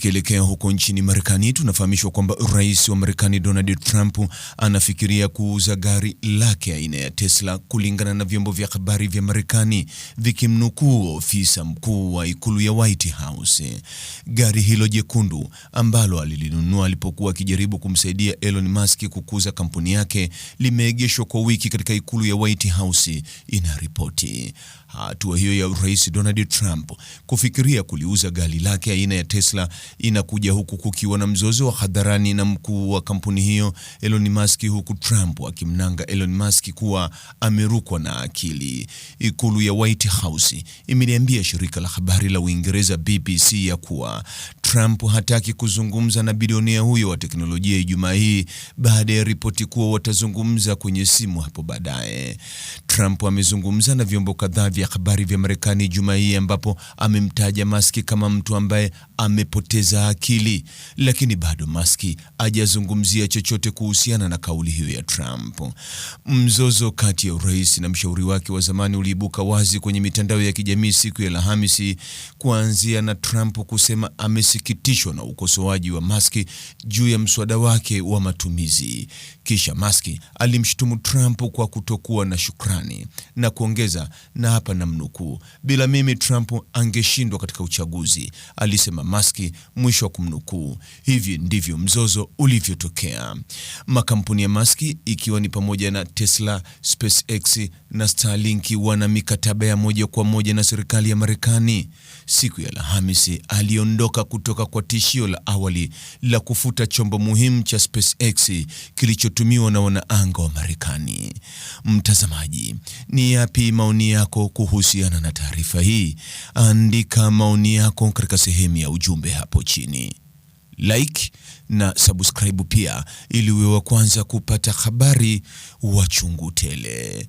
Tukielekea huko nchini Marekani, tunafahamishwa kwamba Rais wa Marekani Donald Trump anafikiria kuuza gari lake aina ya Tesla, kulingana na vyombo vya habari vya Marekani vikimnukuu ofisa mkuu wa ikulu ya White House. Gari hilo jekundu ambalo alilinunua alipokuwa akijaribu kumsaidia Elon Musk kukuza kampuni yake limeegeshwa kwa wiki katika ikulu ya White House, inaripoti. Hatua hiyo ya Rais Donald Trump kufikiria kuliuza gari lake aina ya Tesla inakuja huku kukiwa na mzozo wa hadharani na mkuu wa kampuni hiyo Elon Musk, huku Trump akimnanga Elon Musk kuwa amerukwa na akili. Ikulu ya White House imeliambia shirika la habari la Uingereza BBC ya kuwa Trump hataki kuzungumza na bilionea huyo wa teknolojia Ijumaa hii baada ya ripoti kuwa watazungumza kwenye simu hapo baadaye. Trump amezungumza na vyombo kadhaa vya habari vya Marekani Ijumaa hii ambapo amemtaja Maski kama mtu ambaye amepoteza akili, lakini bado Maski hajazungumzia chochote kuhusiana na kauli hiyo ya Trump. Mzozo kati ya urais na mshauri wake wa zamani uliibuka wazi kwenye mitandao ya kijamii siku ya Alhamisi kuanzia na Trump kusema amesi kusikitishwa na ukosoaji wa Musk juu ya mswada wake wa matumizi. Kisha Musk alimshutumu Trump kwa kutokuwa na shukrani na kuongeza, na hapa namnukuu, bila mimi Trump angeshindwa katika uchaguzi, alisema Musk, mwisho wa kumnukuu. Hivi ndivyo mzozo ulivyotokea. Makampuni ya Musk ikiwa ni pamoja na Tesla, SpaceX na Starlink wana mikataba ya moja kwa moja na serikali ya Marekani. Siku ya Alhamisi aliondoka kutoka kutoka kwa tishio la awali la kufuta chombo muhimu cha SpaceX kilichotumiwa na wanaanga wa Marekani. Mtazamaji, ni yapi maoni yako kuhusiana na taarifa hii? Andika maoni yako katika sehemu ya ujumbe hapo chini. Like na subscribe pia ili uwe wa kwanza kupata habari wa chungu tele.